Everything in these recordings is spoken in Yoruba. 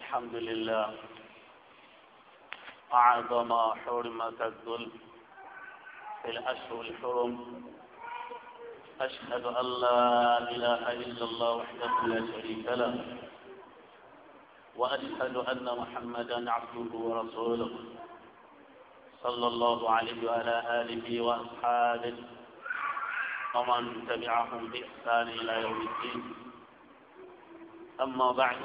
الحمد لله أعظم حرمة الذل في الأشهر الحرم أشهد أن لا إله إلا الله وحده لا شريك له وأشهد أن محمدا عبده ورسوله صلى الله عليه وعلى آله وأصحابه ومن تبعهم بإحسان إلى يوم الدين أما بعد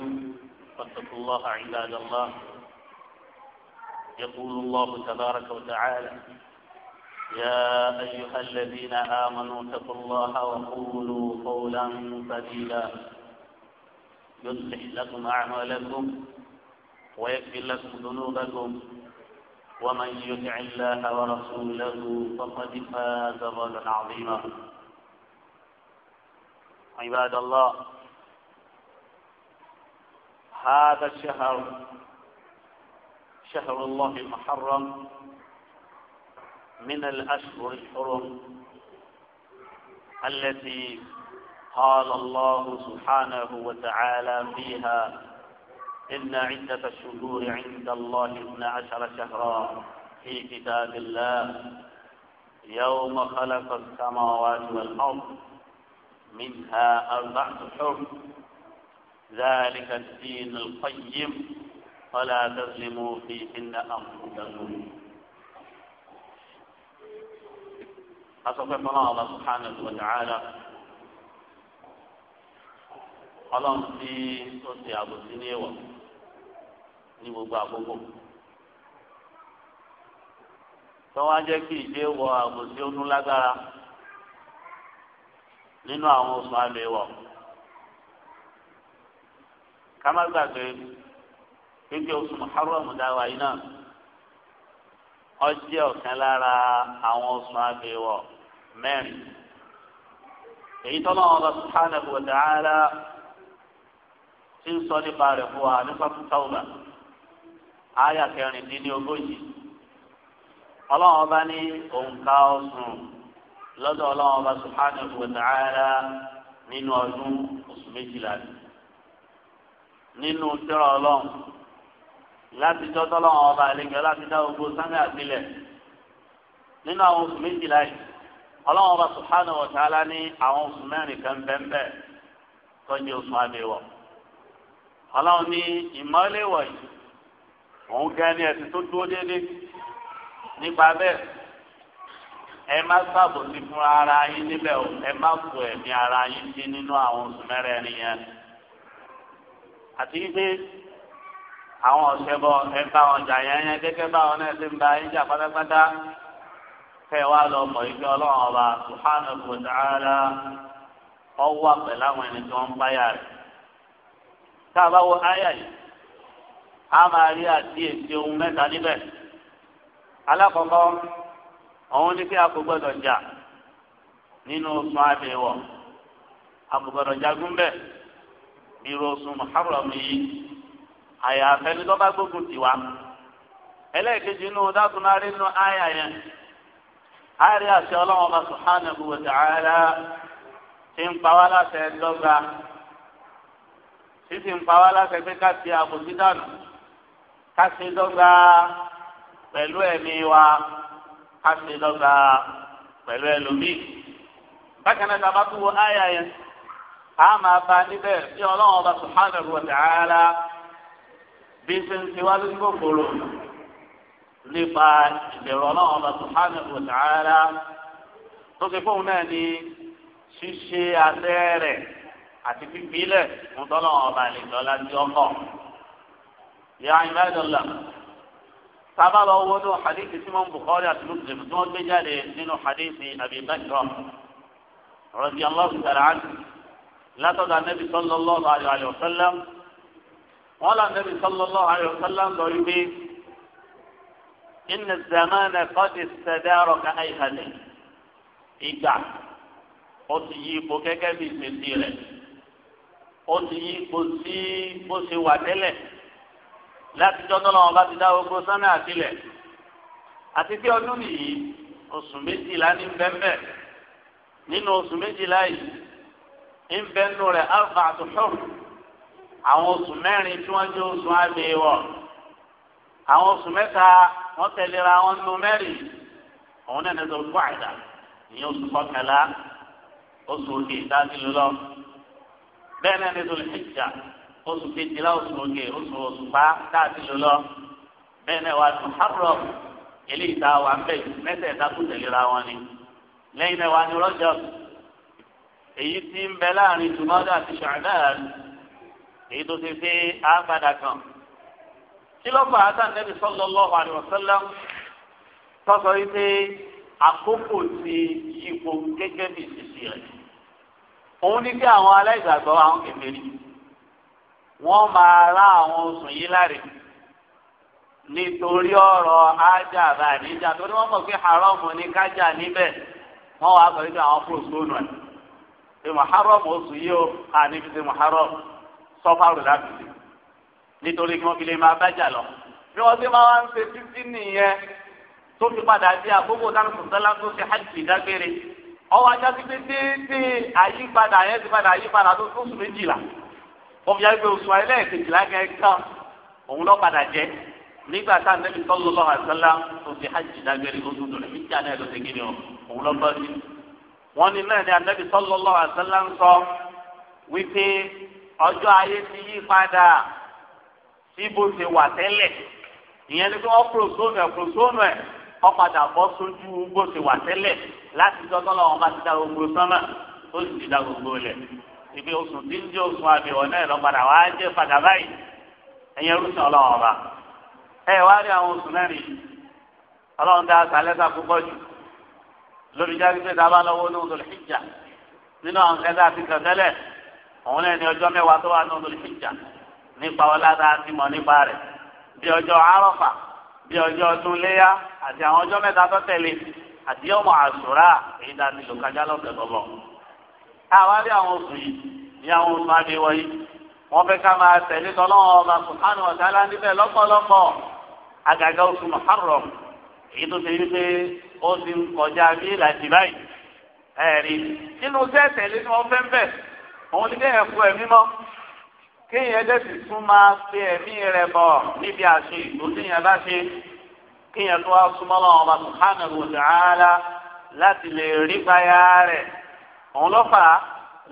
فاتقوا الله عباد الله يقول الله تبارك وتعالى يا أيها الذين آمنوا اتقوا الله وقولوا قولا سديدا يصلح لكم أعمالكم ويكفر لكم ذنوبكم ومن يطع الله ورسوله فقد فاز فوزا عظيما عباد الله هذا الشهر شهر الله المحرم من الأشهر الحرم التي قال الله سبحانه وتعالى فيها إن عدة الشهور عند الله اثنا عشر شهرا في كتاب الله يوم خلق السماوات والأرض منها أربعة حرم ذلك الدين القيم فلا تظلموا فيهن أنفسكم أصبح الله سبحانه وتعالى ọlọ́run tí ó ṣe àbòsí ní ẹ̀wọ̀ ní gbogbo àkókò tó wá jẹ́ kí ìdí ẹ̀wọ̀ àbòsí ó tún lágbára nínú àwọn oṣù àlọ́ ẹ̀wọ̀ ká má gbàgbé gbígbé oṣù muharram dáwà yìí náà ọjọ́ ọ̀kan lára àwọn oṣù àgbèwọ̀ mẹ́rin èyí tọ́lọ́ Allah subhanahu wa ta'ala tí ń sọ nípa rẹ̀ fún wa nípa tàwùbà àyà kẹrin dín ní ogójì ọlọ́run ọba ní òǹkà ọ̀sùn lọ́dọ̀ ọlọ́run ọba subhanahu wa ta'ala nínú ọdún oṣù méjìlá ni nínú tírà ọlọ́run láti tọ́tọ́ lọ́wọ́ ọba àlejò láti dá gbogbo sámi àtìlẹ̀ nínú àwọn oṣù méjìlá yìí ọlọ́run ọba subhanahu wa ta'ala ní àwọn oṣù mẹ́rin kan bẹ́ẹ̀ tọ́jú oṣù àbẹ̀wọ̀ ọlọ́run ní ìmọ̀lẹ́ wọ̀nyí òun gan ni ẹ̀sìn tó dúró déédéé nípa bẹ́ẹ̀ ẹ má sábò sí fún ara yín níbẹ̀ ẹ má fò ẹ̀mí ara yín sí nínú àwọn oṣù mẹ́rẹ̀ẹ̀rin yẹn àti wípé àwọn ọ̀sẹ̀bọ ẹ bá wọn jà yẹn yẹn gẹ́gẹ́ báwọn náà ti ń ba ẹ jà pátápátá kẹ́ ẹ wá lọ mọ̀ ibi ọlọ́run ọba subhanahu wa ta'ala ọwọ́ pẹ̀lú àwọn ẹni tí wọ́n ń báyà rẹ̀. tá a bá wo àyà yìí a máa rí àkíyèsí ohun mẹ́ta níbẹ̀. alákọ̀ọ́kọ́ òun ní kí a kò gbọ́dọ̀ jà nínú sun àbẹ̀wọ̀ a kò gbọ́dọ̀ jagun bẹ́ẹ̀. irú oṣù muharram yìí àyàfẹ́ ní lọ́ba gbógun tiwa ẹlẹ́ẹ̀kejì inú dákúnárì inú àyà yẹn àárí àṣẹ ọlọ́run ọba subhanahu wa ta'ala ti ń pa wá láṣẹ dọ́gba títí ń pa wá láṣẹ pé ká àbòsí dànù ṣe dọ́gba pẹ̀lú wa ṣe dọ́gba ẹlòmíì bákan náà tàbá a máa bá níbẹ̀ tí ọlọ́run ọba subhanahu wa ta'ala bí ṣe ń ṣe wá lójú kòkòrò nípa ìbẹ̀rù ọlọ́run ọba subhanahu wa ta'ala tó ṣe fóun náà ní ṣíṣe abẹ́ rẹ̀ àti pípílẹ̀ fún tọ́lọ́run ọba àlejòọ́lá tí ó ya ibadallah sábà lọ wọnú hadithi tí wọn Bukhari àti Muslim tí wọn gbé jáde nínú hadithi Abi Bakr radiyallahu ta'ala látọ̀dọ̀ anabi sallallahu alayhi wa sallam wọn lọ anabi sallallahu alayhi wa sallam lọ yí pé inna zamana qad istadara ka ayihani ìgbà ó ti yí ipò gẹ́gẹ́ bí ìpèsè rẹ̀ ó ti yí ipò sí bó ṣe wà tẹ́lẹ̀ láti jọ́dọ́ lọ́wọ́ bá ti dá gbogbo sánà àtìlẹ̀ àti bí ọdún nìyí oṣù méjìlá ní bẹ́ẹ̀ nínú oṣù méjìlá yìí ìbẹ́nu rẹ̀ alfa àtúntò àwọn oṣù mẹ́rin tí wọ́n jẹ́ oṣù àbẹ̀wọ̀ àwọn oṣù mẹ́ta wọ́n tẹ̀léra wọn nù mẹ́rin òun náà nẹ́sọ̀ gbọ́ àìdá ìyẹn oṣù kọkànlá oṣù òkè ìdádìlú lọ bẹ́ẹ̀ náà nẹ́sọ̀ ìjà oṣù kejìlá oṣù òkè oṣù oṣù pa dáàdìlú lọ bẹ́ẹ̀ náà wà ní harrow eléyìí tá a wà ń bẹ̀ mẹ́tẹ̀ẹ̀ta kú tẹ̀léra wọn ni lẹ́yìn náà wà ní rọ́jọ́sì èyí tí ń bẹ láàrin jùmọ́dá àti ṣàdáàl èyí tó ti fi àgbàdà kan kí ló fà á tàn Nabi sallallahu alaihi wasallam tọ́sọ yìí pé àkókò ti yípo gẹ́gẹ́ bí ìṣiṣẹ́ rẹ̀ òun ní kí àwọn aláìgbàgbọ́ àwọn kèfèrí wọ́n máa rá àwọn oṣù yìí láre nítorí ọ̀rọ̀ ájà àbá àníjà torí wọ́n mọ̀ pé haram ní kájà níbẹ̀ wọ́n wàá sọ wípé àwọn fòsónù ẹ̀ ṣe muharram oṣù yìí o a ní fi ṣe muharram sọfàrù láti ṣe nítorí kí wọn fi lè máa bájà lọ bí wọn ṣe máa ń ṣe títí nìyẹn tó fi padà sí àkókò táwọn sọsọlá tó ṣe hajj dágbére ọwọ́ ajá ti pé déédéé àyípadà yẹn ti padà àyípadà tó tó oṣù méjìlá wọn fi yàgbé oṣù ẹlẹ́ẹ̀kejìlá kẹẹkan òun lọ padà jẹ nígbà tá a nẹbi sallallahu alaihi wasallam tó ṣe hajj dágbére tó tó dùn ní ìjà náà ló ṣe kéde ọ òun lọ bá sí. wọ́n ni náà ní anabi sallallahu alaihi ń sọ wípé ọjọ́ ayé ti yí padà sí bó ṣe wà tẹ́lẹ̀ ìyẹn ni pé wọ́n bọ́ sójú bó ṣe wà tẹ́lẹ̀ láti dọ́tọ́ lọ́wọ́ bá ibi oṣù tí ń oṣù náà lọ padà wá padà báyìí rúṣin ọba wá rí àwọn lórí jáde pé dábàá lọ́wọ́ ní odò ìjà nínú àwọn ẹ̀dá àti kẹ̀kẹ́lẹ̀ òun náà ní ọjọ́ mẹ́wàá tó wà ní odò ìjà nípa ọlọ́dà àti mọ̀ nípa rẹ̀ bí ọjọ́ arọ́fà bí ọjọ́ ọdún léyà àti àwọn ọjọ́ mẹ́ta tó tẹ̀lé àti ọmọ àṣùrà èyí dá nílò kájá lọ́sẹ̀ lọ́lọ́. àwa rí àwọn oṣù yìí ní àwọn oṣù àbí wọ̀nyí wọ́n fẹ́ ká máa tẹ̀lé tọ́lọ́wọ́ ó ti ń kọjá bí láti báyìí ẹ̀rí nínú sẹ́ẹ̀tẹ̀ nínú ọ̀fẹ́ bẹ̀ òun ní bẹ́ẹ̀ fún ẹ̀mí mọ́ kéèyàn dẹ́sì tún máa fi ẹ̀mí rẹ̀ bọ̀ níbi àṣe ìlú tíyẹn bá ṣe kéèyàn tó wá súnmọ́ lọ́wọ́ ọba subhanahu wa láti lè rí payá rẹ̀ òun ló fà á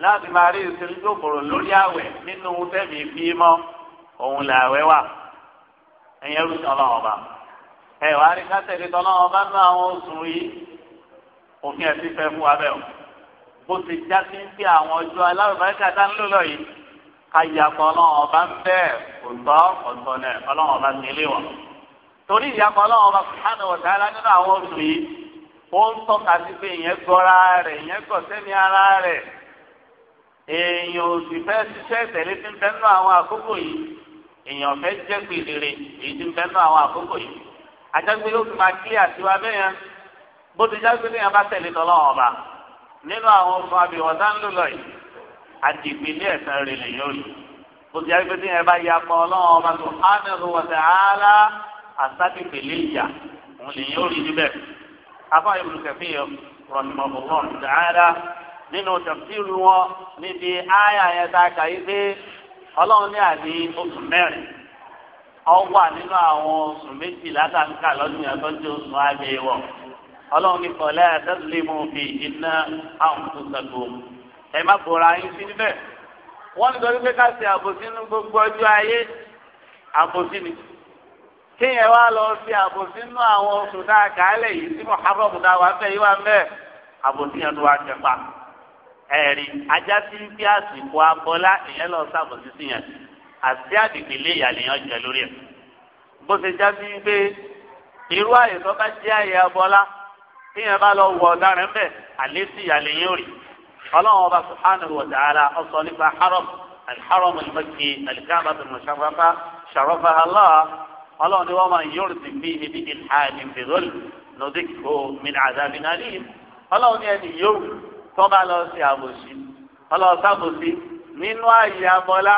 láti máa rí ìsinmi tó kòrò lórí àwẹ̀ nínú tẹ̀mí fímọ́ òun làwẹ̀ wà ẹ̀yẹ́rù sọ́lọ́ ọba ẹ wàá rí kásẹ̀lẹ̀ tọ́lá ọba náà àwọn oṣù yìí òfin ẹ̀sìn fẹ́ fún wa bẹ́ẹ̀ o bó ti já sí pé àwọn ọjọ́ alárùbáríkà tá ń lò lọ yìí ká yàpọ̀ ọlọ́run ọba ń bẹ́ẹ̀ kò ọ̀tọ̀ náà ọlọ́run ọba ti lé wọn. torí ìyàpọ̀ ọlọ́run ọba sùhánù ọ̀tàlá nínú àwọn oṣù yìí ó ń tọ́ka sí pé ìyẹn gbọ́ra rẹ̀ ìyẹn gbọ́ sẹ́mi ara rẹ̀ èèyàn ò sì fẹ́ ṣiṣẹ́ tẹ̀lé tí ń bẹ́ẹ̀ nú àwọn àkókò yìí èèyàn fẹ́ jẹ́ pèlè èyí tí ń bẹ́ẹ̀ nú àwọn àkókò yìí àjọgbé yóò fi máa kílíà tiwa bẹ́yẹn bó ti jágbé bẹ́yẹn bá tẹ̀lé tọ́lọ́ ọba nínú àwọn ọmọ àbí wọn dá ń lò lọ́yìn àdìgbì ní ẹ̀sán rẹ̀ lè yọrí bó ti jágbé bẹ́yẹn bá ya pọ̀ ọlọ́run ọba tó hánàlú wọ̀ tẹ̀ áálá àsákìpè lè yà òun lè yọrí níbẹ̀ afọ ìbùkẹ́fì rọ̀nìmọ̀bùrọ̀ tẹ̀ áálá nínú tẹ̀síìrù níbi áyà yẹn tá a kà yí pé ọlọ́run ní ọwà nínú àwọn oṣù méjìlá kàńkà lọ́dún yàtọ́jú oṣù àgbẹ̀ wọ̀ ọlọ́run ní kọ̀ọ̀lẹ́ àtẹ́sílẹ̀ mú fi iná àwọn tó sàgbọ́n ẹ má bọ̀ra yín sí níbẹ̀ wọ́n ní torí pé ká ṣe àbòsí ní gbogbo ọjọ́ ayé àbòsí ni kéèyàn wá lọ sí àbòsí nínú àwọn oṣù tá a kà á lẹ̀ yìí sí muharram tá a wà fẹ́ yìí wà fẹ́ àbòsí yẹn ló wá jẹ ẹ̀rí ajá àti àdìgbélé ìyàlèyàn jẹ lórí ẹ bó ṣe já sí pé irú àyè tó bá jẹ àyè abọlá tíyẹn bá lọ wọ ọ̀daràn bẹ àlẹ sí ìyàlèyàn rè Ọlọ́run ọba subhanahu wa ta'ala ọsọ nípa haram alharam al-makki alikaba al-musharrafa sharafa allah Ọlọ́run ni wọn máa yọrù sí bí ibi ìlhàdì bìrọlì nọdíkò min àdàbìn alim Ọlọ́run ni ẹni yọrù tó lọ sí àbòsí Ọlọ́run sábòsí nínú àyè abọlá.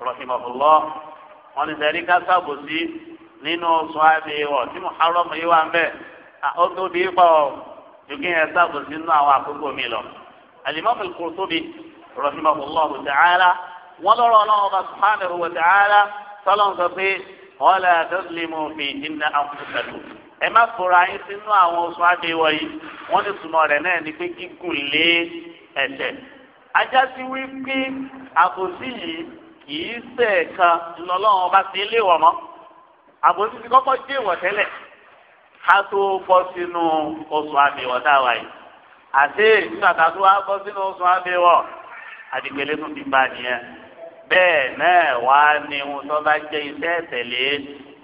rahimahullah wọn ní sẹ́rí ká sábòsí nínú oṣù àbẹ̀wò tí muharram yìí wà ń bẹ̀ ó tóbi pọ̀ ṣùgbọ́n yẹn sábòsí nínú àwọn àkókò mi lọ. alimami al-Qurtubi rahimahullah ta'ala wọn lọ́rọ̀ náà ọba subhanahu wa ta'ala sọlọ́n sọ pé wọ́n lè tẹ́sílímù fi ìdínà àkókò ẹ má fura yín sínú àwọn oṣù àbẹ̀wò yìí wọ́n ní sùnmọ́ rẹ̀ náà ní pé kíkùn lé ẹ̀ṣẹ̀ ajá sí wípé àbòsí yìí kìí sẹ̀ kan ńlọ́lọ́run ọba sí ilé ìwọ̀ mọ́ àbòsí ti kọ́kọ́ dé ìwọ̀ tẹ́lẹ̀ ká tó bọ́ sínú oṣù àbẹ̀wọ̀ tá a wà yìí àti nígbà tá a tó wá bọ́ sínú oṣù àbẹ̀wọ̀ àdìgbélé tún ti bá nìyẹn bẹ́ẹ̀ náà wá ní ohun tó bá jẹ́ iṣẹ́ ìtẹ̀lé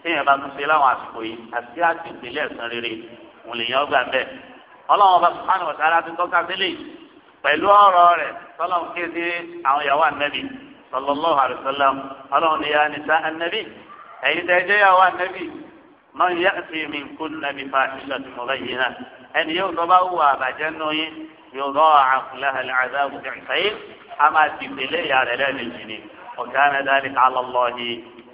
téèyàn bá tún ṣe láwọn àsìkò yìí àti àti ìpínlẹ̀ ẹ̀sán rere òun lèèyàn ọgbà bẹ́ẹ̀ ọlọ́run ọba sùpánù ọ̀sára ti tọ́ka sílẹ̀ pẹ̀lú ọ̀rọ̀ rẹ̀ tọ́lọ́run kéde àwọn ìyàwó ànẹ́bí sallallahu alayhi wa sallam ọlọ́run ni yáa nisa anabi ẹ̀yin tẹ́ jẹ́ yàwó anabi máa ń yàtì mí kún nàbí fa ìṣà tó mọ̀ báyìí náà ẹni yóò tó bá wù àbàjẹ́ nù yín yóò rọ àkùlẹ̀ àdáàbò tẹ̀ ṣẹ́yìn a máa ti pèlè ìyá rẹ̀ lẹ́nu jìnnì ọ̀gá mẹ́tàlí alọ́lọ́ọ̀hì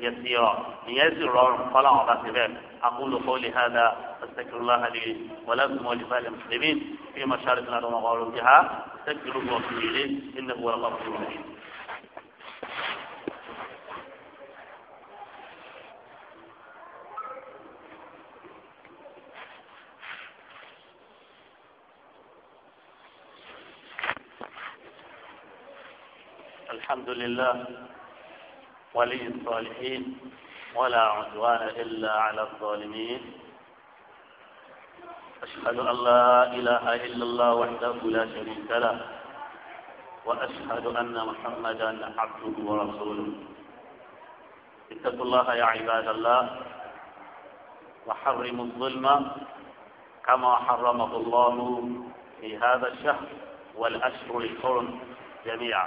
يسيرا يسر قلع غسبان أقول قولي هذا أستغفر الله لي ولكم ولسائر المسلمين في مشارق الأرض ومغاربها استغفروه واتوبوا إليه إنه هو الغفور الرحيم لله ولي الصالحين ولا عدوان إلا على الظالمين أشهد أن لا إله إلا الله وحده لا شريك له وأشهد أن محمدا عبده ورسوله اتقوا الله يا عباد الله وحرموا الظلم كما حرمه الله في هذا الشهر والأشهر الحرم جميعا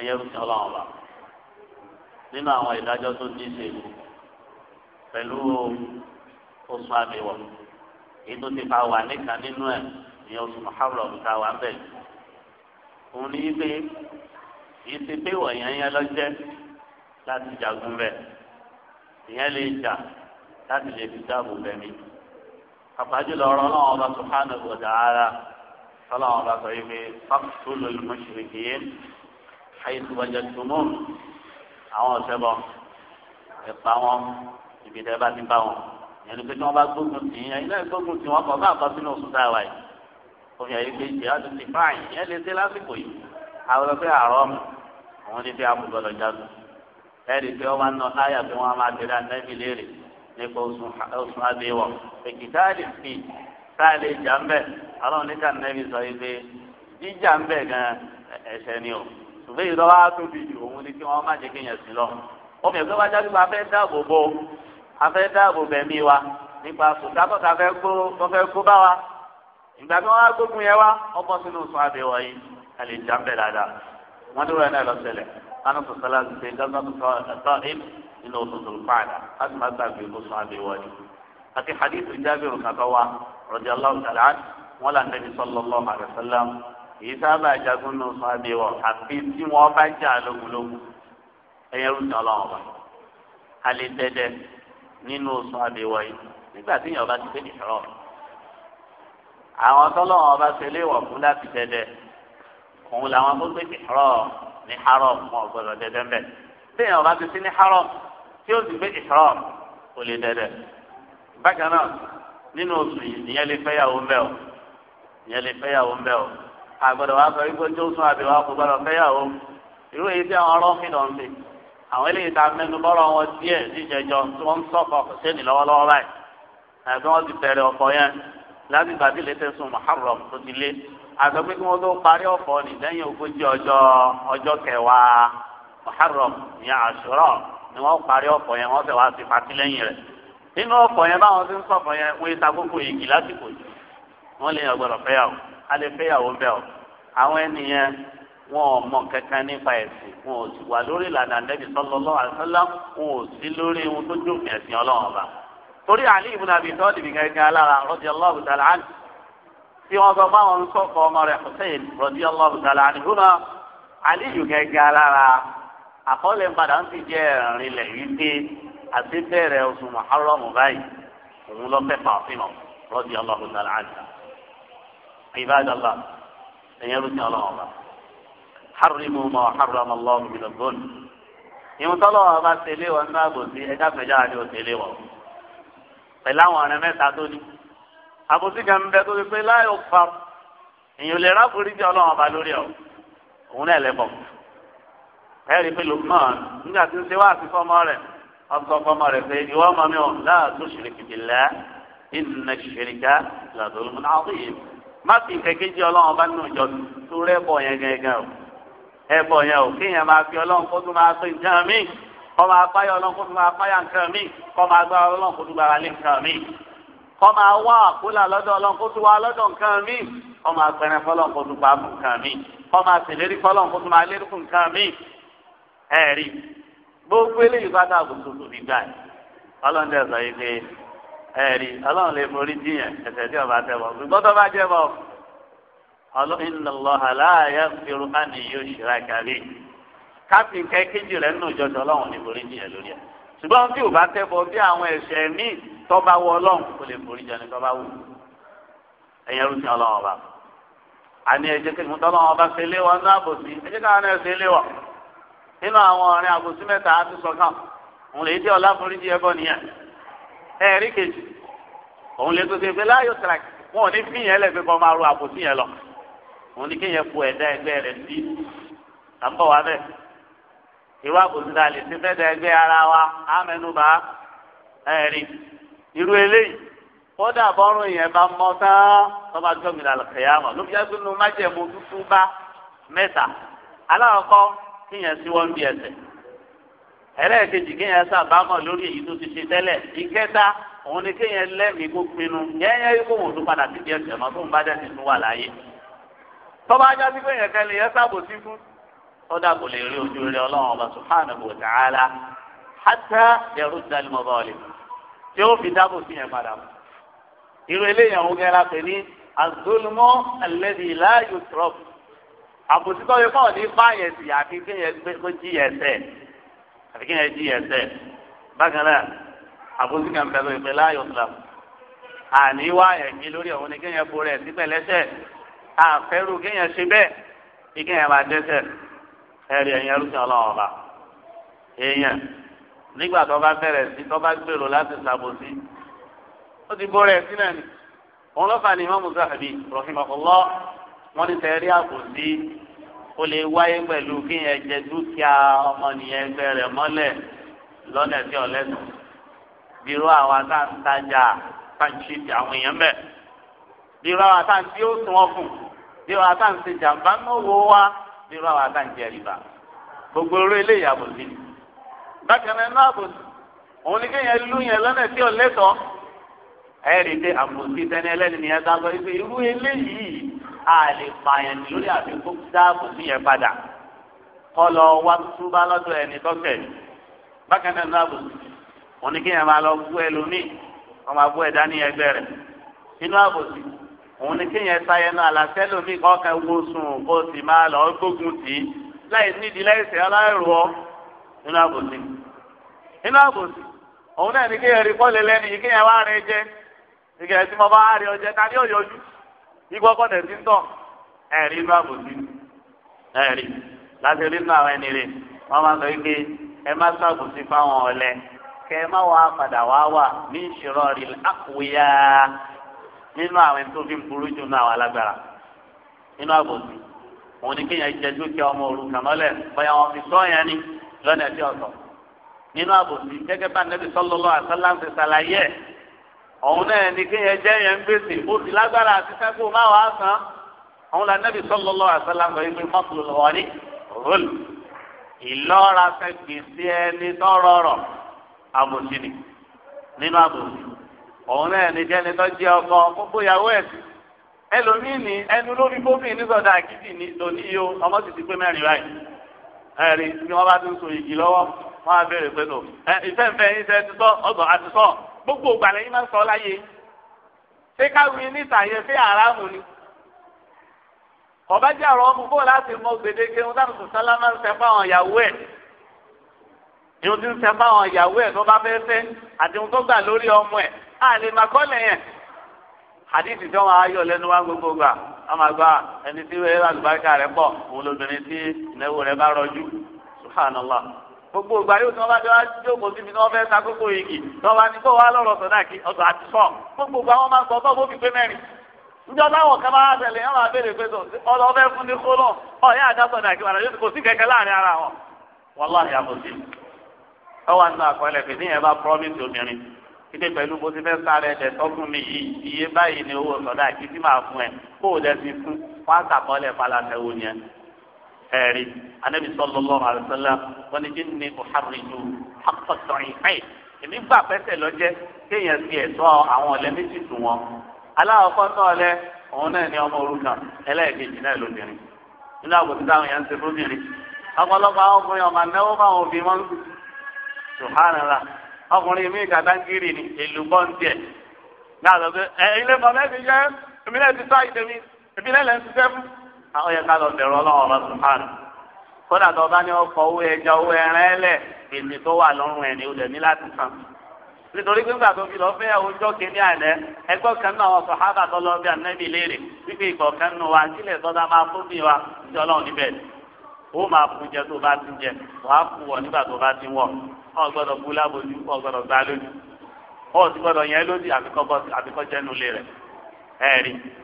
ẹyẹ ń sọlọ ọba nínú àwọn ìdájọ́ tó ní ṣe pẹ̀lú oṣù àbẹ̀wò èyí tó ti fa wà níkan nínú ẹ ìyẹn oṣù muhammed ọ̀gá wà ń bẹ òun ní pé èyí ti pé wọ̀nyẹn yẹn lọ́jẹ́ láti jagun rẹ̀ ìyẹn lè jà láti lè fi dáàbò bẹ̀mí àpàjùlọ ọ̀rọ̀ náà ọba subhanahu wa ta'ala sọlọ ọba sọ yìí pé fáfitúlù lùmọ́ṣirìkì yẹn àyètò wájà tòmọ́ àwọn ọ̀sẹ̀ bọ̀ ẹ̀pà wọn ibi tẹ́ bá ti bá wọn ìyẹn ni pé tí wọ́n bá gbógun tì í ẹ̀yin náà gbógun tì wọ́n kọ̀ bá àkọ́ sínú oṣù táwa yìí òfin àyè pé jẹ́ àti ti fáìn ìyẹn lè ṣe lásìkò yìí àwọn ọ̀sẹ̀ àrọ́ mi àwọn ní bí abùgbọ̀dọ̀ jáde ẹ̀rí pé wọ́n máa ń nọ láyà pé wọ́n máa tẹ̀lé anábì léèrè nípa oṣù àbẹ̀wọ̀ èkìtáàlì fi sáàlì ìjà ń bẹ̀ ọlọ́run níta anábì sọ yìí pé jíjà ń bẹ̀ gan ẹ̀ṣẹ̀ ni o ṣùgbọ́n èyí lọ́wọ́ á tóbi jù òun ni kí wọ́n má jẹ́ kéèyàn sí lọ. omi ẹ̀gbẹ́ wa jáde pé a fẹ́ dáàbò bo a fẹ́ dáàbò bẹ̀mí wa nípa sùdákọ̀ tá a fẹ́ kó tó fẹ́ kó bá wa. ìgbà tí wọ́n wá gbógun yẹn wá ọkọ̀ sínú sùn abẹ́ wọ̀nyí a lè jà ń bẹ̀ dáadáa. wọ́n dúró ẹ̀ná ìlọsẹ̀lẹ̀ kánú sọ̀sọ́lá ti ṣe gángan tó sọ ẹ̀ èyí sábà jagun nù sọ àbẹ̀wò àfi tí wọ́n bá jà lógúnlógún ẹ̀yẹ rúdì ọlọ́run ọba alẹ́ dẹ́dẹ́ nínú sọ àbẹ̀wò yìí nígbà tí èèyàn bá ti tẹ́lẹ̀ sọ̀rọ̀ àwọn tọ́lọ́run ọba ṣe léèwọ̀ fún láti dẹ́dẹ́ òun làwọn tó gbé ìṣòro ní haram mọ́ ọ̀gbọ́dọ̀ dẹ́dẹ́ mbẹ́ tí èèyàn ti sí ní haram tí ó sì gbé ìṣòro kò lè dẹ́dẹ́ bákan náà nínú oṣù yìí ìyẹn lè fẹ́yàwó mbẹ́ o àgbọ̀dọ̀ wa sọ wípé tó sún àbí wa kò gbọdọ̀ fẹ́yàwó irú èyí tí àwọn ọ̀rọ̀ fi lọ sí àwọn eléyìí tá a mẹ́nu bọ́rọ̀ wọn díẹ̀ níjẹjọ tí wọ́n ń sọ̀kọ̀ sẹ́ni lọ́wọ́lọ́wọ́ báyìí àti wọ́n ti bẹ̀rẹ̀ ọ̀pọ̀ yẹn láti gbàdí lẹ́tẹ̀sùn Muharram tó ti lé àti pé kí wọ́n tó parí ọ̀pọ̀ ní lẹ́yìn ogójì ọjọ́ ọjọ́ kẹwàá Muharram ní Àṣúrà ni wọ́n parí ọ̀pọ̀ yẹn wọ́n fẹ́ wá ti àwọn ènìyàn wọn ò mọ kankan nípa ẹ̀sìn wọn ò sì wà lórí ìlànà Ànábì sallallahu alaihi wasallam wọn ò sí lórí ohun tó jókòó ẹ̀sìn Ọlọ́run ọba torí Ali ibn Abi Talib gẹ́gẹ́ alára radiyallahu ta'ala anhu tí wọ́n sọ fáwọn sọ́kọ̀ ọmọ rẹ̀ Hussein radiyallahu ta'ala anhuma Ali gẹ́gẹ́ alára àkọọ́lẹ̀ padà ń ti jẹ́ ẹ̀rìn lẹ̀ wípé àti bẹ̀rẹ̀ Ibadallah ẹ̀yẹ́ ló ti ọlọ́run ọba harimu ma harimu ọlọ́run mi lọ́gbọ́n ìwọ̀n tọ́lọ́run ọba tẹ̀lé wọn náà bò sí ẹ̀dá fẹ̀já àti òtẹ̀lé wọn pẹ̀lú àwọn ọ̀rẹ́ mẹ́ta tó ní àbòsí kan ń bẹ tó fi pé láyò fa èèyàn lè rákòrí jẹ́ ọlọ́run ọba lórí ọ òun náà lẹ́bọ̀ ẹ̀rí pé Lukman nígbà tí ń ṣe wá àti fọmọ rẹ̀ ọkọ̀ fọmọ rẹ̀ pé ìwọ ọmọ mi ò láàtú ṣìrìkì bìlá ìnà ṣìrìkà làdó lùmùnà ọ̀hún yìí má fi ìkẹ́kẹ́jì ọlọ́run bá nínú ìjọ tó rẹ́bọ̀ yẹn gẹ́gẹ́ o ẹ̀bọ̀ yẹn o kéèyàn máa fi ọlọ́run kó tó máa pé nǹkan míì kọ́ máa páyà ọlọ́run kó tó máa páyà nǹkan míì kọ́ máa gbára ọlọ́run kó tó gbára lé nǹkan míì kọ́ máa wá àkólà lọ́dọ̀ ọlọ́run kó tó wá lọ́dọ̀ nǹkan míì kọ́ máa pẹrẹ fọlọ́run kó tó pamọ́ nǹkan míì kọ́ máa ṣèlérí fọlọ́run kó tó máa lérí nǹkan míì ẹ̀rí gbogbo eléyìí bá dàgbò tuntun nígbà yìí ọlọ́run dẹ̀ sọ yìí pé ẹ̀rí ọlọ́run lè forí jiyàn ẹ̀ṣẹ̀ tí ọba tẹ̀wọ̀ ṣùgbọ́n tó bá jẹ́ bọ̀ inna Allaha la yaghfiru an yushraka bihi káfí kẹ́kẹ́jì rẹ̀ nù jọjọ ọlọ́run lè forí jiyàn lórí ẹ̀ ṣùgbọ́n tí ò bá tẹ̀wọ̀ bí àwọn ẹ̀ṣẹ̀ míì tó bá wọ ọlọ́run kò lè forí jiyàn ní tó bá wù ẹ̀yẹn rúṣin ọlọ́run ọba àní ẹ̀jẹ̀ kẹ́kẹ́ tó ọlọ́run ẹ̀rí kejì òun lè tó ṣe pé láyò tìraki wọn ò ní fi yẹn lẹ́gbẹ̀ẹ́ kọ́ máa ro àpótí yẹn lọ òun ní kéèyàn bu ẹ̀dá ẹgbẹ́ rẹ̀ sí à ń bọ̀ wá bẹ́ẹ̀ irú àpótí ta lè ṣe fẹ́ẹ́ ẹgbẹ́ ara wa àmẹnubá ẹ̀rí irú eléyìí kódà bọ́rùn yẹn bá mọ́ tán tó bá jọ́ mìíràn kẹ̀yàmọ̀ ló fi ẹgbẹ́ nu májẹ̀mú tútú bá mẹ́ta aláwọ̀ kọ́ sí wọ́n bí ẹsẹ̀ ẹlẹ́ẹ̀kejì kéèyàn sábàámọ̀ lórí èyí tó ti ṣe tẹ́lẹ̀ ìkẹta òun ni kéèyàn lẹ́mìí kó pinnu yẹ́nyẹ́ yìí kó wọ́n tún padà sí díẹ̀ tẹ̀mọ́ tó ń bá dẹ́sí tún wà láàyè. tọ́ba ajá sí kéèyàn kan lè yẹ sábò sí fún tọ́dà kò lè rí ojú rẹ ọlọ́run ọba subhanahu wa ta'ala hatta yẹrù dalímọ̀ bọ́ọ̀lì tí ó fi dábò sí yẹn padà mọ́. eléyàn òun gẹ́ra pè ní azulmọ́ alẹ́dì àfi kí ẹ jí ẹsẹ̀ bákan náà àbójú kan pẹ̀lú ìpè láàyò islam àní wá ẹ̀mí lórí ọ̀hún ni kéèyàn bo rẹ̀ síbẹ̀ lẹ́sẹ̀ àfẹ́rù kéèyàn ṣe bẹ́ẹ̀ kí kéèyàn máa dẹ́sẹ̀ ẹ̀rí ẹ̀yìn ẹrúsìn ọlọ́run ọba èèyàn nígbà tó bá bẹ̀rẹ̀ sí tó bá gbèrò láti ṣàbòsí ó ti bó rẹ̀ sí náà ni òun lọ́fà ni Imam Zahabi rahimahullah wọ́n ti tẹ̀rí àbòsí ó lè wáyé pẹ̀lú kí yẹn jẹ dúkìá ọmọnìyàn ẹgbẹ́ rẹ̀ mọ́lẹ̀ lọ́nà tí ọ̀lẹ́nu bíró àwa tá à ń tajà tá à ń ṣe ti àwọn èèyàn bẹ̀ bíró àwa tá à ń tí ó sún ọkùn bíró àwa tá à ń ṣe jàǹbá mọ́wọ́ wa bíró àwa tá à gbogbo orí ilé ìyàbò ni bákan náà náà òun ni kéèyàn lú yẹn lọ́nà tí ọ̀lẹ́tọ̀ọ́ ẹ̀rí pé àbòsí tẹ́ni ẹlẹ́ni nìyẹn dágbọ́ a lè pààyàn lórí àfikún dáàbò níyẹn padà kọ́ lọ wá túbá lọ́dọ̀ ẹni tọ́kẹ̀ bákan náà dáàbò wọn ni kéèyàn máa lọ bú ẹlòmíì wọn máa bú ẹ̀dá ní ẹgbẹ́ rẹ̀ inú àbòsí òun ni kéèyàn sáyẹn náà àlàfẹ́ lómi kọ́kẹ́ wo sùn kó sì máa lọ gbógun tì í láì nídìí láì sẹ́yọ́ láì ọ́ inú àbòsí. inú àbòsí òun náà ni kéèyàn rí kọ́lé lẹ́nu yìí wá rẹ jẹ́ ìgbà tí mo bá rí ọjẹ́ ìgbọ́kọ̀ tẹ̀ sí tọ̀ ẹ̀rí bá bò sí ẹ̀rí láti rí nínú àwọn ẹni rè wọ́n máa sọ wípé ẹ má ṣàbòsí fáwọn ọ̀lẹ kẹ ẹ má wà padà wá wà ní ìṣòro rí àkúyà nínú àwọn ẹni tó fi ń burú jù nínú àwọn alágbára nínú àbòsí òun ni kéèyàn jẹ dúkìá ọmọ òrukàn mọ́lẹ̀ bóyá wọn fi sọ yẹn ni lọ́nà ẹ̀sìn ọ̀sọ̀ nínú àbòsí gẹ́gẹ́ bá nẹ́bí sallallahu alaihi wasallam ṣàlàyé òun náà ni kéèyàn jẹ́ yẹn ń gbèsè ó sì lágbára àti sẹ́kù má wàá san òun la nẹ́bí sallallahu alaihi wasallam ìgbé mọ́tò lọ́wọ́ ní rọ́ọ̀lù ìlọ́ra fẹ́ gbèsè ẹni tọ́rọ̀rọ̀ àbòsí ni nínú àbòsí òun náà ní jẹ́ni tó jẹ́ ọkọ gbogbo ìyàwó ẹ̀ sí ẹlòmíì ní ẹnu lórí bófin nísọdá àkìtì ní lòní yìí ó ọmọ sì ti pé mẹ́rin báyìí ẹ̀rí bí wọ́n bá ti ń so ìgì lọ́wọ́ wọ́n á bẹ̀rẹ̀ pé tó ẹ ìfẹ́ǹfẹ́ yín ṣe ti sọ ọgbọ̀n àti sọ gbogbo ìgbàlẹ̀ yìí máa ń sọ láyé ṣé káwí níta yẹn ṣé àràmù ni ọba jẹ́ àrọ̀ ọmọ bó láti mọ gbèdéke wọn táwọn sọ sálá máa ń sẹ fáwọn ìyàwó ẹ̀ ìhun tí ń sẹ fáwọn ìyàwó ẹ̀ tó bá fẹ́ fẹ́ àti ohun tó gbà lórí ọmọ ẹ̀ á lè máa kọ́lẹ̀ yẹn àdìsí tí wọn ayọ̀ lẹ́nu wá gbogbo gbà wọn máa gba ẹni tí wọn yẹ àlùbáríkà rẹ̀ òun lóbìnrin tí ìnáwó rẹ̀ bá rọjú subhanallah. gbogbo ìgbà yóò tí wọn bá jọ jókòó wọn fẹẹ igi ọsọ àti sọ gbogbo wọn sọ bó fi pé njọ táwọn kan máa yẹn máa béèrè pé ọ yẹ àdá sọdá kí wàrà yóò kò sí kẹ̀kẹ́ láàrin ara wọn wàláhì àbòsí ọwọ àti àkọọlẹ fìdí yẹn bá promise obìnrin kíkẹ́ pẹ̀lú bó ti fẹ́ sáré ẹ̀dẹ̀ tọ́kùn mi yìí iye báyìí ni owó sọdá kí tí máa fún ẹ kó o dẹ ti fún ẹ̀rí anabi sallallahu alaihi wasallam wọn ni inni muharriju haqqa sa'ifain èmi gbà pẹ́sẹ̀ lọ́jẹ́ kéèyàn fi ẹ̀tọ́ àwọn ọ̀lẹ́ méjì tù wọn aláwọ̀kọ́ náà lẹ òun náà ní ọmọ òrukàn ẹlẹ́ẹ̀kejì náà lóbìnrin nínú àbòtí táwọn èèyàn ń ṣe fóbìnrin ọ̀pọ̀lọpọ̀ àwọn ọkùnrin ọmọ anáwó máwọn òbí wọn subhanallah ọkùnrin mi kàtá ń ni èlù bọ́ ń tiẹ̀ náà lọ pé ẹ ilé mọ̀ mẹ́fì jẹ́ èmi náà ti tọ́ ìdèmí èmi náà lẹ́ ń ṣiṣẹ́ àwọn yẹn ká lọ bẹ̀rù ọlọ́wọ́ ọrụ sùpàn kódà tó bá ní ọkọ̀ owó ẹja owó ẹran ẹlẹ èmi tó wà lọrùn ẹ̀ ní olè ní láti san nítorí pé nígbà tó fi lọ fẹ́ ọjọ́ kìíní àná ẹgbẹ́ kan náà wọn sọ hábà tó lọ bí anábì léèrè wípé ìgbọ̀ kan nù wa sílẹ̀ tọ́da máa fún mi níbẹ̀ ó máa fún jẹ tó bá ti jẹ wàá fún nígbà ti wọ ọ gbọdọ bú ọ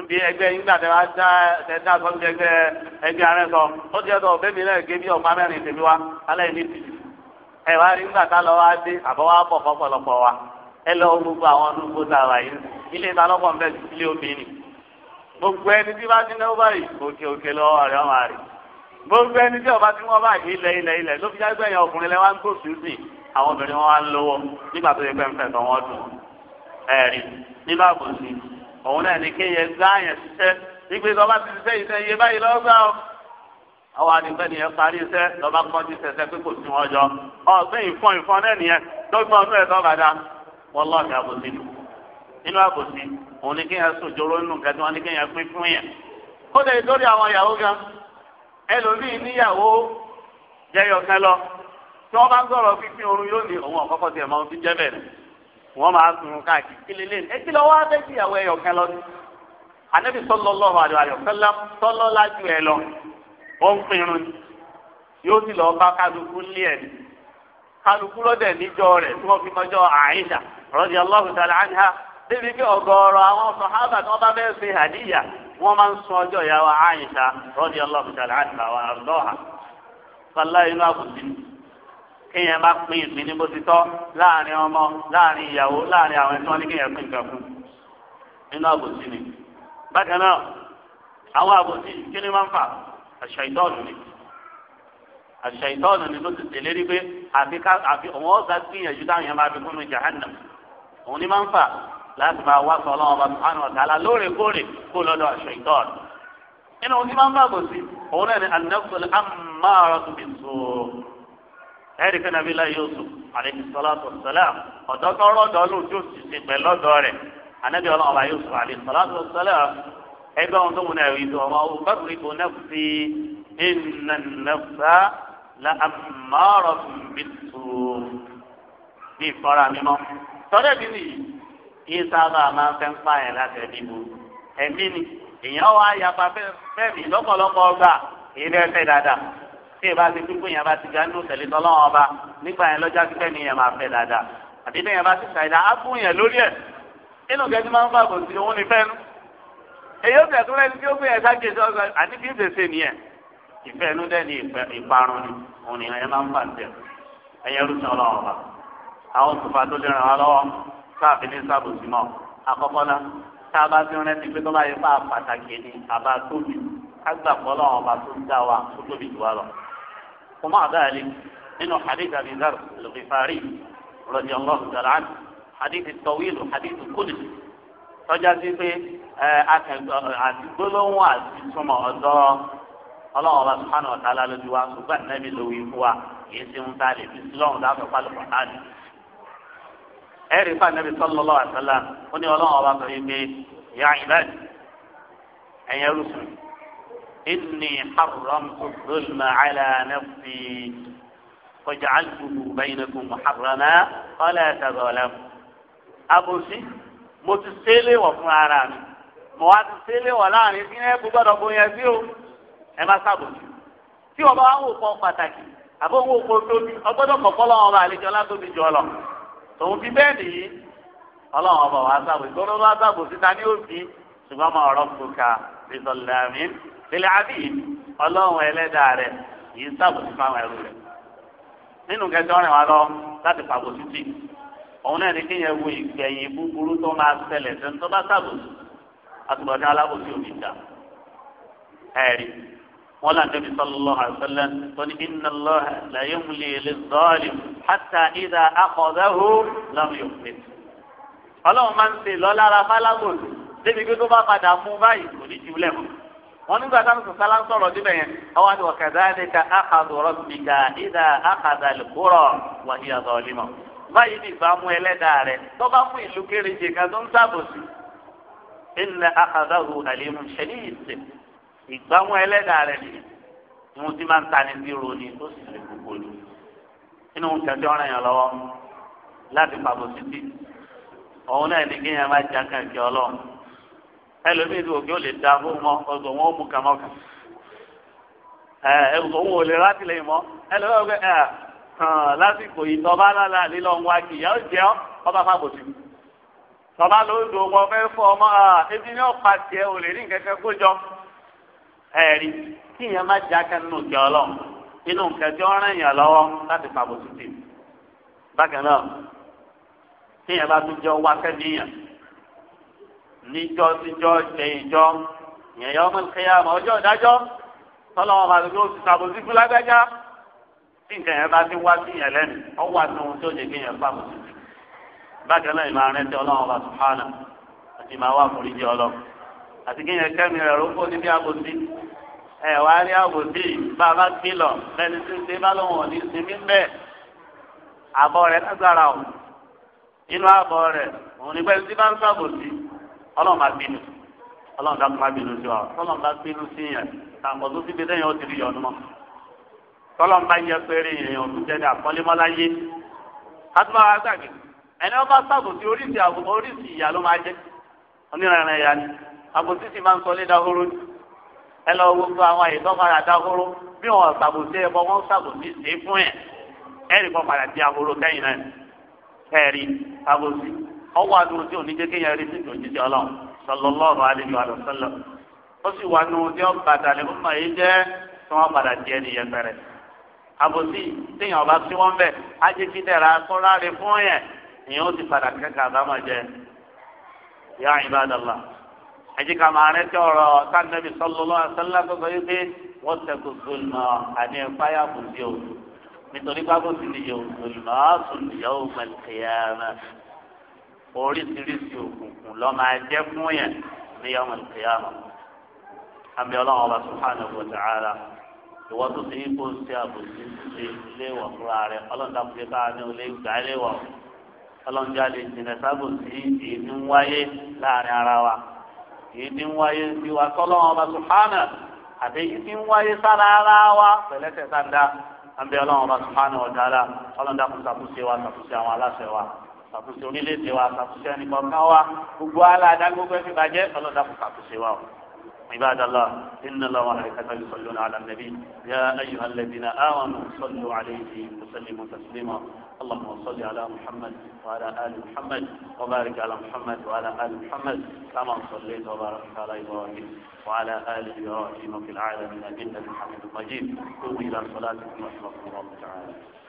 Nbi ẹgbẹ́ nígbà tẹ wá dá tẹ nbi sọ níbi ẹgbẹ́ ẹgbẹ́ arẹ sọ ó ti ẹ̀tọ́ ọbẹ mi náà gé bí ọgbà mẹ́rin tèmi wá alẹ́ ní tìjú ẹ wá rí nígbà tá lọ wá dé àbọ̀ wá bọ̀ fọ́pọ̀lọpọ̀ wa ẹ lọ gbogbo àwọn ọdún tó dára yìí ilé ìta lọ́pọ̀ ń bẹ̀ ilé obìnrin gbogbo ẹni tí bá ti náwó báyìí òkè òkè lọ́wọ́ rẹ̀ ọmọ rẹ̀ gbogbo ẹni tí ọba ti wọ́n báyìí ilẹ̀ ilẹ̀ ilẹ̀ ló fi wọn wá ń lówó òun náà ní kéèyàn gbá yẹn ṣiṣẹ́ wípé lọ́ba ti ṣiṣẹ́ iṣẹ́ iye báyìí lọ́gbà ó àwọn àdìgbẹ́ nìyẹn parí iṣẹ́ lọ́ba pọ́n ti ṣẹṣẹ́ pé kò sí wọn jọ ọ̀gbìn ìfọ́n ìfọ́n náà nìyẹn lọ́gbọ́n ọdún ẹ̀ tọ́ba dá wọ́n lọ́ọ̀kì àbòsí nínú àbòsí òun ní kéèyàn sùn jòrò nínú kẹtù wọn ní kéèyàn pín fún yẹn kódà ìdórí àwọn ìyàwó gan ẹlòmíì níyàwó jẹyọ lọ tí wọ́n bá ń sọ̀rọ̀ fífín oorun yóò ní òun ọ̀kọ́kọ́ tiẹ̀ máa ń fi jẹ́ bẹ́ẹ̀ wọ́n máa sun káàkiri kílé lé ẹ ti lọ wá fẹ́ sí ìyàwó ẹyọ kan lọ́dún anabi sallallahu alaihi wasallam sọlọ lájú ẹ lọ ó ń pinnu yóò sì lọ bá kálukú lé ẹ kálukú lọdẹ níjọ rẹ tí wọ́n fi mọjọ àyíṣà radiyallahu ta'ala anha débi pé ọ̀gọ̀ọ̀rọ̀ àwọn sọhábà tí wọ́n bá fẹ́ẹ̀ ṣe hàdíyà wọ́n máa ń sun ọjọ́ ìyàwó àyíṣà radiyallahu ta'ala anha wa àrùdọhà sọlá inú àbùsí kéèyàn bá pín ìpín ní bó ti tọ́ láàrin ọmọ láàrin ìyàwó láàrin àwọn ẹ̀tọ́ ní kéèyàn pín nǹkan fún nínú àbòsí ni. bákan náà àwọn àbòsí kí ni wọ́n ń fà àṣà ìtọ́ọ̀nù ni àṣà ìtọ́ọ̀nù ni ló ti tẹ̀lé rí pé àfi ká àfi òun ọ̀gá gbìyànjú táwọn yẹn máa fi kúnnú jahannam òun ni máa ń fà láti máa wá sọ ọlọ́run ọba sùhánù ọ̀tàlá lóòrèkóòrè kó lọ́dọ̀ àṣà ìtọ́ọ̀nù nínú òun ti máa ń fà àbòsí òun náà ni an-nafsul ammaratu bis-sū' ẹ̀rí kan nàbí la Yusuf alayhi salatu salam ọ̀dọ́ kan rọ̀dọ̀ lóun tó ti ti pẹ̀ lọ́dọ̀ rẹ̀ anabi ọlọ́ọ̀bá Yusuf alayhi salatu salam ẹgbẹ́ wọn tó wọn náà yìí tó ọmọ ọwọ́ bákùrẹ́ kò nafsi inna nafsa la amara bisu bí ìfọ́ra mímọ́ tọ́lẹ̀ bí nìyí yìí sábà máa ń fẹ́ ń pààyàn láti ẹbí bu ẹ̀mí ni èèyàn wá yapa fẹ́ẹ̀mí lọ́pọ̀lọpọ̀ ọgbà èyí lẹ́sẹ̀ dáadáa tí ìbá ti pípé yẹn bá ti ga nínú tẹ̀lé tọ́lọ́wọ́n ọba nígbà yẹn lọ́jà ti fẹ́ni yẹn máa fẹ́ dáadáa àti tí yẹn bá ti ṣàìdá á fún yẹn lórí ẹ̀ nínú kẹ́ni máa ń bá kò sí òun nífẹ̀ẹ́ nu èyí ó bẹ̀rẹ̀ tó rẹ́ni tí ó gbé yẹn sáké sọ àti kí n nìyẹn ìfẹ́ inú dẹ́ ni ìparun ni òun ni ẹ̀yẹ máa ń bà tẹ̀ ẹ̀yẹ rúṣin ọlọ́wọ́n ọba àwọn òṣùpá tó lè ràn wá lọ́wọ́ káàfin ní sábòsí mọ́ àkọ́kọ́ náà tá a bá ti rántí pé tó bá yẹ fún àpàtàkì ni àbá tóbi ká gbà pọ́ lọ́wọ́ ọba tó ń dá wa tó tóbi jù wá lọ. ومع ذلك إنه حديث أبي ذر الغفاري رضي الله تعالى عنه حديث طويل وحديث قدسي tọ́jàsí pé àti gbólóhùn àti túmọ̀ ọ̀dọ́ ọlọ́run bá sùpánù ọ̀tá lálójú wa ṣùgbọ́n nẹ́bí lówó ikú wa kìí ṣe ń ta lè fi sílọ́run dáàbò pálọ̀ pátá ni. ẹ̀rí fún ànábì sallallahu alaihi wasallam ó ní ọlọ́run ọba sọ yìí pé ìyá ìbẹ́ẹ̀ ẹ̀yẹ rúṣùn إني حرمت الظلم على نفسي وجعلته بينكم محرما فلا تظلموا أبوسي متسيلي وفرارامي متسيلي ولا نسيني بغدا بويا زيو أما سابوسي tí wọn bá wà wò kọ pàtàkì àbọ̀ wò kọ tóbi ọgbọ́dọ̀ kọ̀kọ́ lọ́wọ́ ọba àlejò alátóbi jọ lọ tòun fi bẹ́ẹ̀ nìyí ọlọ́wọ́ ọba wà sábò ìgbọ́dọ̀ wà sábò síta ní òbí ṣùgbọ́n ọmọ ọ̀rọ̀ kúkà bísọ̀lámì tẹ̀lé àbí ọlọ́run ẹlẹ́dàá rẹ̀ yìí ń sàbòsí fáwọn ẹrú rẹ̀ nínú kẹjọ rìn wá lọ láti pàbò títì òun náà ní kéèyàn wo ìgbẹ̀yìn búburú tó máa ṣẹlẹ̀ tó ń tó bá sàbòsí àtúbọ̀dé alábòsí òbí ìjà ẹ̀rí wọn là níbi sallallahu alaihi wasallam tó ní inna Allah la yumli liz-zalim hatta idha akhadhahu lam yughnih ọlọ́run máa ń ṣe lọ́lára fálábòsí débi pé tó bá padà mú báyìí kò ní jù lẹ́mọ̀ọ́ wọn nígbà táwọn sọ sálá ń sọ̀rọ̀ síbẹ̀ yẹn àwọn àti wakadhalika akhadhu rabbika idha akhadha al-qura wa hiya zalima báyìí ní ìbámu ẹlẹ́dàá rẹ̀ tó bá fún ìlú kéréje kan tó ń sábòsí inna akhadhahu alimun shadid ìgbàmú ẹlẹ́dàá rẹ̀ nìyẹn mo ti máa ń ta ni bírò ó sì lè gbogbo ni inú kẹ̀kẹ́ ọ̀ràn yẹn lọ́wọ́ láti pàbò títí òun náà ní kéèyàn máa jà kẹ̀kẹ́ ọlọ́run ẹlòmíì tó kí ó lè da fún mọ ọgbọ wọn ó mú kàmọ kà ẹ ọgbọ wọn ò lè látìlẹ́yìn mọ ẹlòmíì ọgbẹ ẹ hàn lásìkò yìí tọba lálẹ́ àlélọ ń wá kì í yàrá jẹ ọ ọba má bò sí tọba ló ń do ọmọ fẹ́ fọ ọmọ ebi ní ọpa tiẹ̀ ò lè rí nkẹkẹ kójọ ẹ̀rí kí yẹn má já kẹ nínú ìjọ Ọlọ́run inú nkẹjọ ràn yàn lọ́wọ́ láti pàbò sí tèmi bákan náà kí yẹn bá tún jẹ ọwọ́ akẹ́bí níjọ́ tíjọ́ jẹ ìjọ ìyẹn ọmọ ìkẹyà mọ ọjọ́ ìdájọ́ tọ́lọ́ ọmọ ti sàbòsí fún lágbájá tí nǹkan wá sí yẹn ọ wà tó ohun tó lè gbé yẹn fáwọn sí bákan náà ìmọ̀ arẹ́ntẹ́ ọlọ́run ọba sùhánà àti ìmọ̀ àwọn àti kẹ́mi rẹ̀ níbi àbòsí rí àbòsí bá a bá gbé lọ lẹ́ni tí ń ṣe bá lóun àbọ̀ rẹ̀ lágbára ọlọ́run bá bínú ọlọ́run dá kúmá bínú sí wa ọlọ́run bá bínú sí yẹn àpò tó ti fi sẹ́yìn ó ti rí yọ̀ọ́nù mọ́ tọ́lọ́run bá yẹ pé rí èèyàn tó jẹ́ ní àpọ́nlémọ́láyé kátó máa gbàgbé ẹni ọba sábò sí oríṣi oríṣi ìyá ló máa jẹ onírànràn ìyá ni àbòsí sì máa ń sọlé dahoro ni ẹ lọ gbogbo àwọn àyè tó padà dahoro bí wọn sábò sí ẹbọ wọn sábò sí sí fún ẹ ẹ rí kọ́ padà di ahoro kẹ́yìn náà ẹ rí àbòsí ọwọ́ àdúró tí òní jẹ́ kéèyàn rí síbi òjijì ọlọ́run sallallahu alaihi wa sallam ó sì wà nù tí wọ́n bàtà lè fún màá yé jẹ́ tí wọ́n padà jẹ́ nìyẹn bẹ̀rẹ̀ àbòsí téèyàn ọba sí wọn bẹ̀ á jẹ́ kí dẹ̀ra kó láre fún yẹn ìyẹn ó ti padà kẹ́kẹ́ àbámọ̀ jẹ ya ibadallah ẹ jẹ́ ká máa rẹ́tí ọ̀rọ̀ sanabi sallallahu alaihi oríṣiríṣi òkùnkùn lọ máa jẹ fún yẹn ní ọmọ ìkẹyàmọ àmì Ọlọ́run ọba subhanahu wa ta'ala ìwọ tó ti kó ń ṣe àbòsí ṣe léwọ fúnra rẹ Ọlọ́run dàpọ̀ ká ní olè gbà léwọ Ọlọ́run jáde jìnnà sábòsí èyí ń wáyé láàrin ara wa èyí ń wáyé tiwa tỌlọ́run ọba subhanahu àti èyí ń wáyé sára ara wa pẹ̀lẹ́tẹ̀ sáńdá àmì Ọlọ́run ọba subhanahu wa ta'ala Ọlọ́run dàpọ̀ sàkóso wa sàkóso àwọn aláṣẹ wa ṣàkóso orílẹ̀-èdè wa ṣàkóso ẹnìkan kan wa gbogbo aláàdá gbogbo ẹbí bàjẹ́ ọlọ́dà kò ṣàkóso wa o. عباد الله إن الله وملائكته يصلون على النبي يا أيها الذين آمنوا صلوا عليه وسلموا تسليما اللهم صل على محمد وعلى آل محمد وبارك على محمد وعلى آل محمد كما صليت وباركت على إبراهيم وعلى آل إبراهيم في العالمين إنك حميد مجيد قوموا إلى صلاتكم رحمكم الله تعالى